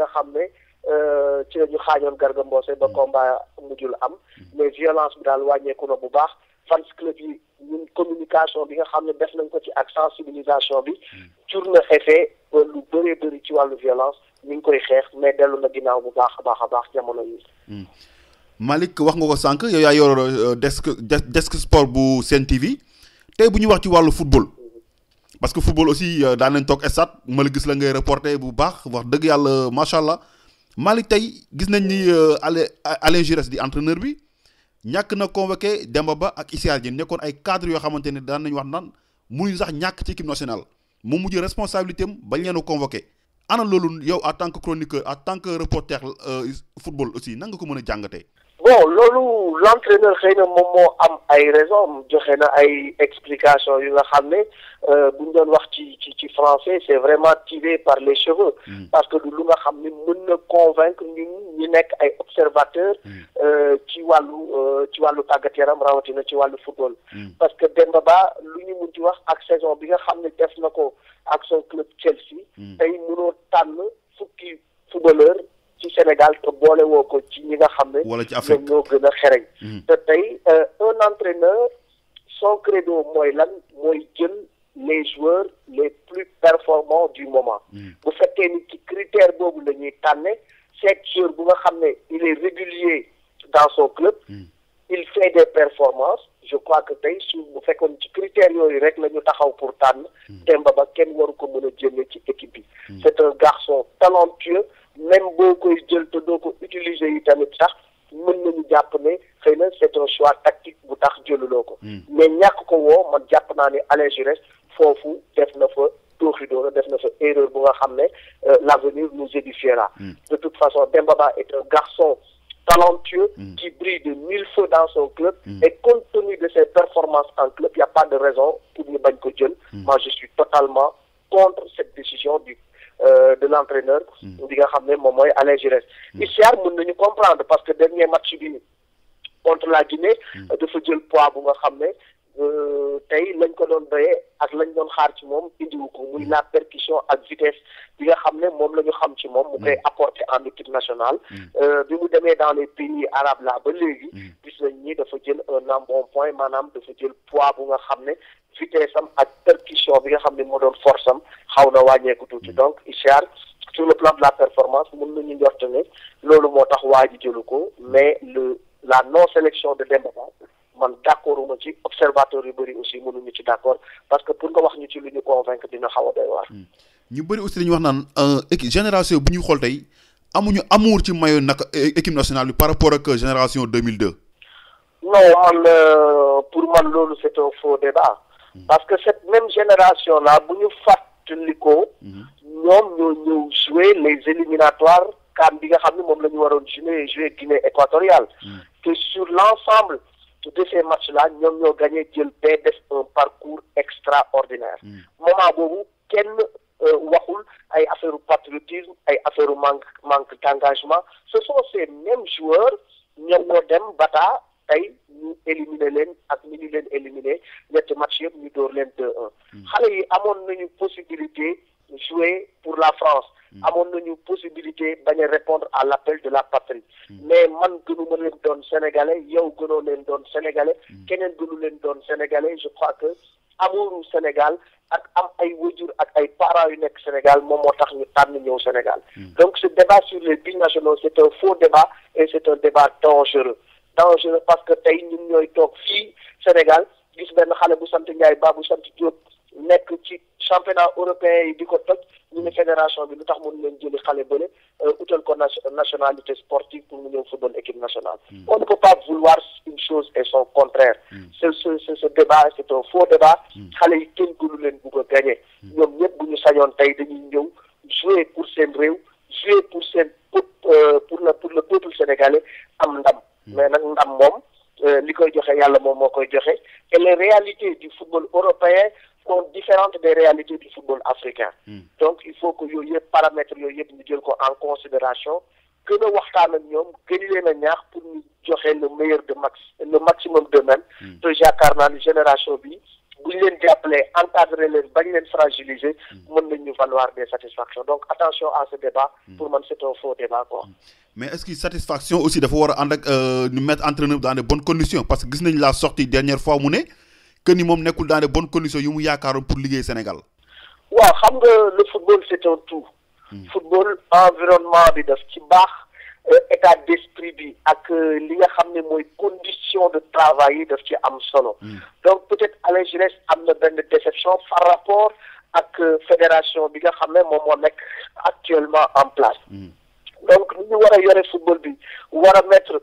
nga xam ne euh, ci la ñu xaañoon Garga Mbossé ba mm. combat mujjul am mm. mais violence bi daal wàññeeku na bu baax fans club yi ñun communication bi nga xam ne def nañ ko ci ak sensibilisation bi mm. jur na effet lu bëree bëri ci wàllu violence ñu ngi koy xeex mais dellu na ginnaaw bu baax a baax a baax jamono yi. Malick wax nga ko sànq yow yaa yor euh, desk desk sport bu Sen TV tey bu ñu wax ci wàllu football. parce que football aussi euh, dans nañ toog stade ma la gis la ngay reporter bu baax wax deug yalla machallah mali tay gis nañ ni euh, Alain Giresse di entraîneur bi ñak na convoqué Demba Ba ak isiar Dieng nekkoon ay cadre yo xamanteni dans daan nañ wax naan muy sax ñak ci équipe nationale mu mujj responsabilité bañ leen convoquer convoqué ana loolu yow en tant que chroniqueur en tant que reporter euh, football aussi nan ko meuna jangate bon loolu l'entraîneur xëy na moom am ay raison joxe na ay explication yu nga xamné ne euh, buñ doon wax ci ci français c'est vraiment tiré par les cheveux mm. parce que du lu nga xamné ne mën na convaincre ñun ñu nekk ay observateurs ci mm. euh, ci walu euh, tàggat yaram na ci walu football mm. parce que Demba Ba lu ñu mun ci wax ak saison bi nga xamné def nako ak son club Chelsea tay mëno tànn fukki footballeur ci Sénégal te boole woo ko ci ñi nga xam ne. wala ci Afrique ñoo gën a xereñ. Mm-hmm. te tey euh, un entraîneur son credo mooy lan mooy jël les joueurs les plus performants du moment. Mm-hmm. bu fekkee ni ci critère boobu la ñuy tànne chaque joueur bu nga xam ne il est régulier dans son club. Mm-hmm. il fait des performances je crois que tey su bu fekkoon ci critères yooyu rek la ñu taxaw pour tànn. Demba Ba kenn waru ko mën a jëlee ci équipe bi. c'est un garçon talentueux même boo koy jël te doo ko utiliser yi tamit sax mën nañu jàpp ne xëy na c'est un choix tactique bu tax jëluloo ko. Hmm. mais ñàkk ko woo man jàpp naa ne Alain Giresse foofu def na fa tooxi def na fa erreur bu nga xam ne euh, l'avenir nous édifiera. Hmm. de toute façon Demba Ba est un garçon. talentueux mm. qui brille de mille feux dans son club mm. et compte tenu de ses performances en club, il n'y a pas de raison pour ne pas le Moi, je suis totalement contre cette décision du euh, de l'entraîneur, entraîneur. Hmm. li nga xam moment à mooy Il Giresse. Hmm. Issiar comprendre parce que dernier match contre la Guinée. Hmm. de jël poids bu nga xam euh, tey lañ ko doon doyee ak lañ doon xaar ci moom indiwu ko muy la percussion ak vitesse bi nga xam ne moom la ñu xam ci moom mu koy mm. apporter en équipe nationale mm. euh, bi mu demee dans les pays arabes là ba léegi mm. gis nañ ni dafa jël un embonpoint maanaam dafa jël poids bu nga xam ne vitesse am ak percussion bi nga xam ne moo doon force am xaw na wàññeeku tuuti donc Ichar sur le plan de la performance mën nañu njort ne loolu moo tax waa ji jëlu ko mais le la non sélection de Demba d'accord d' accord ma observateur yu bëri aussi ci d' parce que pour nga wax ñu ci lu ñu convaincre dina xaw a doy waar. Hmm. ñu bëri aussi dañu wax naan euh, équipe génération bu ñu xool tey amuñu amour ci mayo naka équipe nationale par rapport à ak génération 2002. non man euh, pour man loolu c' un faux débat. Hmm. parce que cette même génération là bu ñu fàttalikoo. Hmm. ñoom ñoo ñëw jouer les éliminatoires kan bi nga xam ne moom la ñu waroon jouer jouer Guinée équatoriale. sur l'ensemble tous ces matchs-là nous avons gagné jël un parcours extraordinaire mm. moment boobu kenn euh, waxul ay affaire au patriotisme a affaire au manque d'engagement ce sont ces mêmes joueurs ñoom ñoo dem bata tey ñu éliminer ont ak éliminer, éliminer match yëpp ñu 2-1 Il mm. yi a une possibilité jouer pour la France. Hmm. amoon une possibilité de répondre à l'appel de la patrie. Hmm. mais man nous ma leen sénégalais nous sommes leen sénégalais. nous sommes leen doon sénégalais je crois que amouru Sénégal ak am ay wajur ak ay parents yu nekk Sénégal moom moo tax ñu Sénégal. Hmm. donc ce débat sur les binationaux c'est un faux débat et c'est un débat dangereux dangereux parce que nous ñun ñooy toog fii Sénégal gis benn xale bu sant nekk ci championnat européen yi di ko toj ñu ne fédération bi lu tax mun leen jëli xale bële euh, utal ko nationalité sportive pour mu ñëw football équipe nationale. Hmm. on ne peut pas vouloir une chose et son contraire. Hmm. ce ce ce débat c'est un faux débat. Hmm. xale yi kenn gënu leen bugg a gagné. ñoom ñëpp bu ñu sañoon tey dañuy ñëw jouer pour seen réew jouer pour seen pour euh, pour le pour le peuple sénégalais am ndam. mais nag ndam moom euh, li koy joxe yàlla moom moo koy joxe et les réalités du football européen sont différentes des réalités du football africain. Hmm. donc il faut que vous paramètres soient en considération que nous waxtaan ak que nous pour nous donner le meilleur de max le maximum de même. déjà, hmm. yaakaar génération bi vous ñu en encadrer les bañ fragilisées, fragiliser. Hmm. mën nous valoir des satisfactions donc attention à ce débat. pour moi, c'est un faux débat quoi. mais est-ce que satisfaction aussi de pouvoir mettre ak euh, mettre entraîneur dans de bonnes conditions parce que nous nañ la sortie dernière fois mu est que ni sommes dans de bonnes conditions yu yakaron pour liggéey Sénégal. wa xam nga le football c'est un tout. Hmm. football environnement bi daf ci euh, état d'esprit bi ak euh, li nga ne condition de travail daf ci am hmm. donc peut-être Alain Giresse a na ben déception par rapport à ak euh, fédération bi nga actuellement en place. Hmm. donc nous wara yoré football bi wara mettre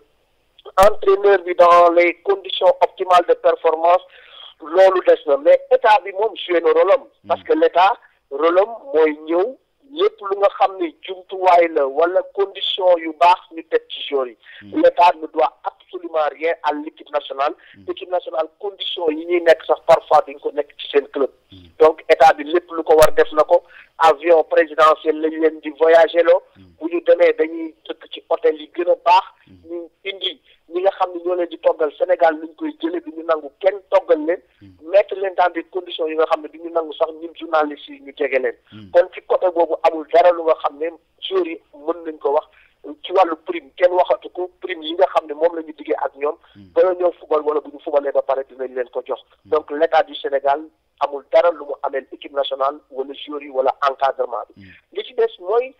entraîneur bi dans les conditions optimales de performance loolu des na mais état bi moom joué na rôle hmm. parce que l' état rôle am mooy ñëw lépp lu nga xam ni jumtuwaay la wala condition yu baax ñu teg ci joueurs yi hmm. l' état ne doit absolument rien à l' équipe nationale hmm. équipe nationale condition yi ñuy nekk sax parfois duñ ko nekk ci seen club donc état bi lépp lu ko war def na ko avion présidentiel lañ leen di voyager loo bu ñu demee dañuy dëkk ci hôtel yi gën a baax ñu indi ñi nga xam ne ñoo leen di toggal Sénégal luñ koy jële bi ñu nangu kenn toggal leen Mm. mettre leen dans des conditions yi nga xam ne du ñu nangu sax ñun journalistes yi ñu jege leen. Mm. kon ci côté boobu amul dara lu nga xam ne joueurs yi mën nañ ko wax ci wàllu prime kenn waxatu ko prime yi nga xam ne moom la ñu diggee ak ñoom. Mm. ba la ñëw fubal wala bu ñu fubalee ba pare dinañ leen ko jox. donc l' état du Sénégal amul dara lu mu ameel équipe nationale wala joueurs yi wala encadrement bi. li ci des mooy.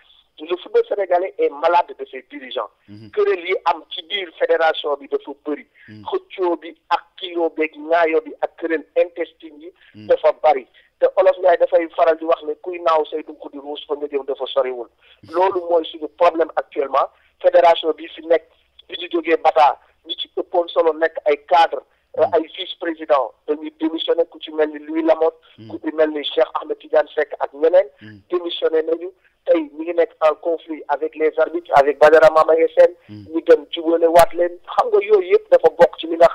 le football sénégalais est malade de ses dirigeants. Mhm. Que yi am ci biir fédération bi dafa bëri. Mhm. xëccoo bi ak kiyoo beeg ñaayoo bi ak kuréel yi. Mhm. dafa bëri te olof Ndiaye dafay faral di wax ne kuy naaw say dugg di ruus fa nga jëm dafa soriwul. loolu mooy suñu problème actuellement fédération bi fi nekk bi ñu jógee Bata ñi ci ëppoon solo nekk ay cadre ay vice président dañuy démissionné ku ci mel ni Louis Lamotte. ku ci mel ni Cheikh Ahmed Tidiane Seck ak ñeneen. démissionné nañu conflit avec les arbitres avec Badara Mamaye Sène hmm. ñu dem jubale waat leen xam nga yooyu dafa ci li nga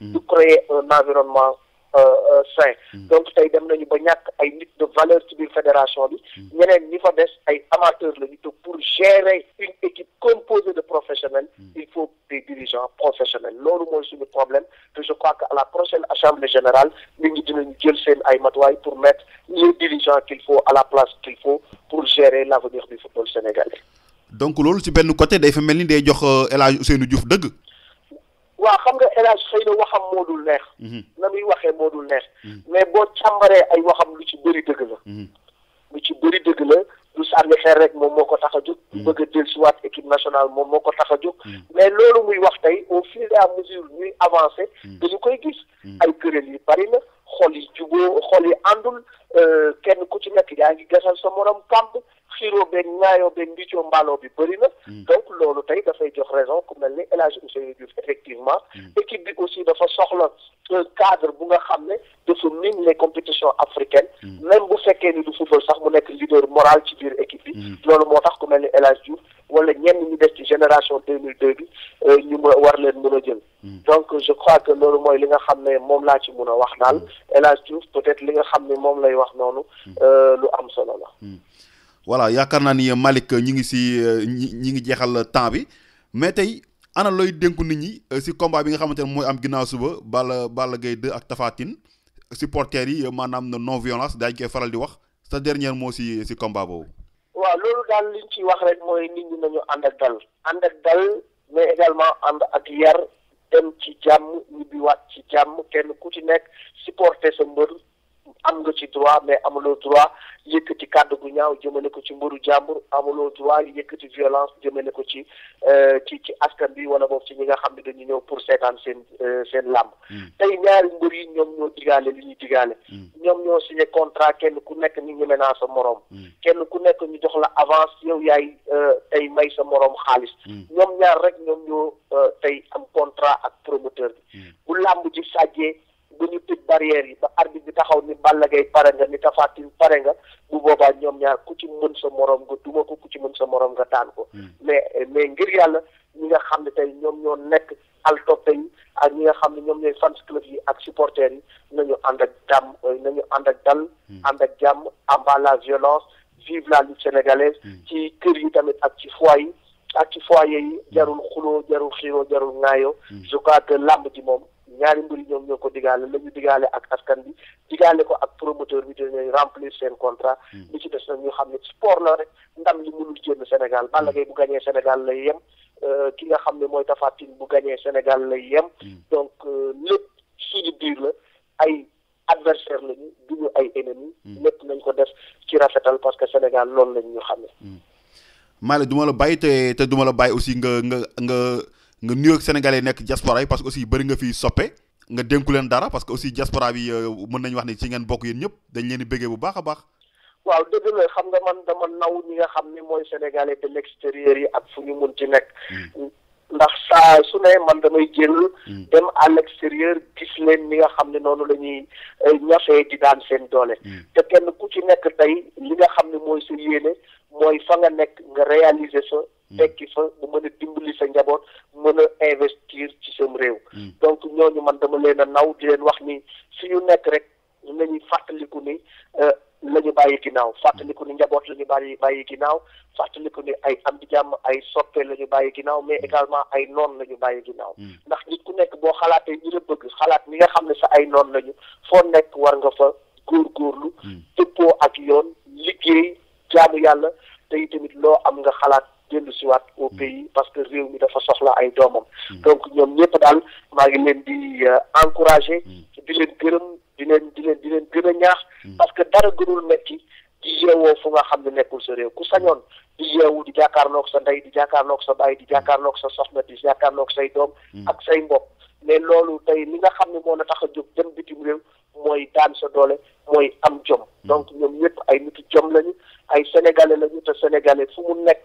hmm. créer un environnement sain euh, euh, hmm. donc tey dem nañu ba ñàkk ay nit de valeur ci biir fédération bi hmm. ñeneen ñi fa des ay amateurs lañu pour gérer une équipe composée de professionnels hmm. il faut des dirigeants professionnels loolu mooy suñu problème je crois que à la prochaine assemblée générale nit ñi dinañu jël seen ay matuwaay pour mettre les dirigeants qu'il faut à la place qu'il faut pour gérer l'avenir du football sénégalais donc loolu ci benn côté day fa mel ni day jox euh, El Ousseynou Diouf waa xam nga El Hadj xëy waxam moo dul neex. Mhm. na muy waxee moo dul neex. Mhm. mais boo càmbaree ay waxam lu ci bëri dëgg la. Mhm. lu ci bëri dëgg la lu sànni xeer rek moom moo ko tax a jóg. du bëgg a équipe nationale moom moo ko tax a jóg. mais loolu muy wax tey au fur et à mesure ñuy avancé. dañu koy gis. ay kuréel yi bari na xol yi juboo xol yi àndul euh, kenn ku ci nekk yaa ngi gasal sa morom kàmb. xiiroo beeg ñaayoo beeg mbiccoo mbaaloo bi bëri na mm. donc loolu tey dafay jox raison ku mel ni El Hadji Ousseynou Diouf effectivement mm. équipe bi aussi dafa soxla cadre bu nga xam ne dafa miin les compétitions africaines mm. même bu fekkee ni du football sax mu nekk leader moral ci biir équipe bi loolu moo tax ku mel ni El Hadji Diouf wala ñenn ñu des ci génération 2002 bi euh, ñu war leen mën a jël donc euh, je crois que loolu mooy li nga xam ne moom laa ci mun a wax daal El Hadji Diouf peut-être li nga xam ne moom lay wax noonu euh, lu am solo la voilà yaakaar naa ni euh, Malick euh, ñi ngi si euh, ñi ngi jeexal temps bi mais tey ana looy dénku nit ñi si combat bi nga xamante ne mooy am ginnaaw suba Balla bala Gaye 2 ak Tapha Tine yi maanaam non violence daañu koy faral di wax sa dernier moo si si combat boobu. waaw loolu daal liñ ci wax rek mooy nit ñi nañu ànd ak dal ànd ak dal mais également ànd ak yar dem ci jàmm ñibbiwaat ci jàmm kenn ku ci nekk supporter sa mbër am nga ci droit mais amuloo droit yëkkati kàddu gu ñaaw jëmale ko ci mburu jàmbur amuloo droit yëkkati violence jëmale ko ci euh, ci ci askan bi wala boobu ci ñi nga xam ne dañu ñëw pour setaan seen euh, seen làmb hmm. tey ñaari mbër yi ñoom ñoo digaale li ñuy digaale hmm. ñoom ñoo ne contrat kenn ku nekk ni ñeme naa sa moroom hmm. kenn ku nekk ñu jox la avance yow yaay euh, tey may sa moroom xaalis ñoom ñaar rek ñoom ñoo tey am contrat ak promoteur bi bu làmb ji sàjjee bu ñu tëj barrière yi ba arbitre bi taxaw ni Balla Gaye pare nga ni Tapha Tine pare nga bu boobaa ñoom ñaar ku ci mën sa moroom nga duma ko ku ci mën sa moroom nga taan ko. Hmm. mais eh, mais ngir yàlla ñi nga xam ne tey ñoom ñoo nekk altoppe yi ak ñi nga xam ne ñoom ñooy fans club yi ak supporters yi nañu ànd ak jàmm euh, nañu ànd ak dal. Hmm. ànd ak jàmm amba la violence vive la lutte sénégalaise. Hmm. ci kër yi tamit ak ci foyer yi ak ci foyer yi jarul xuloo jarul xiiroo jarul ŋaayoo. je crois que làmb ji moom. ñaari mbir ñoom ñoo ko digaale la ñu digaale ak askan bi digaale ko ak promoteur bi dinañ remplir seen contrat. Hmm. li ci des nag ñu xam ne sport la rek ndam li mënul génn Sénégal hmm. Balla Gaye bu gagné Sénégal lay yem euh, ki nga xam ne mooy Tapha Tine bu gagné Sénégal lay yem. Hmm. donc euh, lépp suñu biir la ay adversaire lañu du ñu ay ennemis. lépp nañ ko def ci rafetal parce que Sénégal loolu lañ ñu xam Malick du ma la bàyyi te te la bàyyi aussi nga nga. nga nuyoo ak sénégalais nekk diaspora yi parce que aussi bëri nga fi soppe nga dénku leen dara parce que aussi diaspora bi euh, mën nañu wax ne ci ngeen bokk yéen ñëpp dañ leen di bëggee bu baax a baax. waaw dëgg la xam nga man dama naw ñi nga xam ni mooy sénégalais de l'extérieur yi ak fu ñu mun ci nekk. Hmm. ndax saa su ne man damay jël. Hmm. dem à l'extérieur gis leen ni nga xam ne noonu la ñuy euh, ñafee di daan seen doole. Hmm. te kenn ku ci nekk tey li nga xam ne mooy sa yéene mooy fa nga nekk nga réaliser sa. tekki mm. fa mu mën a dimbali sa njaboot mën a investir ci sam réew mm. donc ñooñu man dama leen a naw di leen wax ni ñu nekk rek nañuy fàttaliku ni euh, la ñu bàyyi ginnaaw fàttaliku ni njaboot la ñu bàyyi bàyyi ginnaaw fàttaliku ni ay am di jàmm ay soppe la ñu bàyyi ginnaaw mais mm. également ay noon la ñu bàyyi ginnaaw ndax nit ku nekk boo xalaatee ñi la bëgg xalaat ni nga xam ne sa ay noon lañu foo nekk war nga fa góorgóorlu dëppoo ak yoon liggéey jaamu yàlla te tamit loo am nga xalaat dellu si waat au mm. parce que réew mi dafa soxla ay doomam mm. donc ñoom ñëpp daal maa ngi leen di euh, encourager mm. di leen gërëm di leen di di leen gën a ñaax parce que dara gënul metti di fu nga xam ne sa ku sañoon di yeewu di jàkkaarloog sa ndey di jàkkaarloog sa baay di jàkkaarloog sa soxna di jàkkaarloog say ak say mbokk mais loolu tey li nga xam ne moo la tax a jóg dem bitim réew mooy daan sa doole mooy am jom donc ñoom ñëpp ay nitu jom lañu ay sénégalais lañu te sénégalais fu mu nekk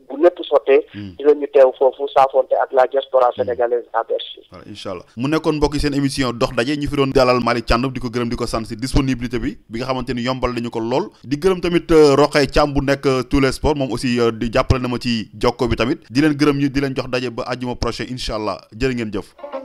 bu hmm. teew foofu saafonte ak la diaspora hmm. sénégalaise à mu seen émission dox ñu fi doon dalal gërëm si disponibilité bi bi nga xamante ni yombal nañu ko lool. di gërëm tamit euh, euh, les sports aussi euh, di na ma ci bi tamit di gërëm ñu di jox ba jëf.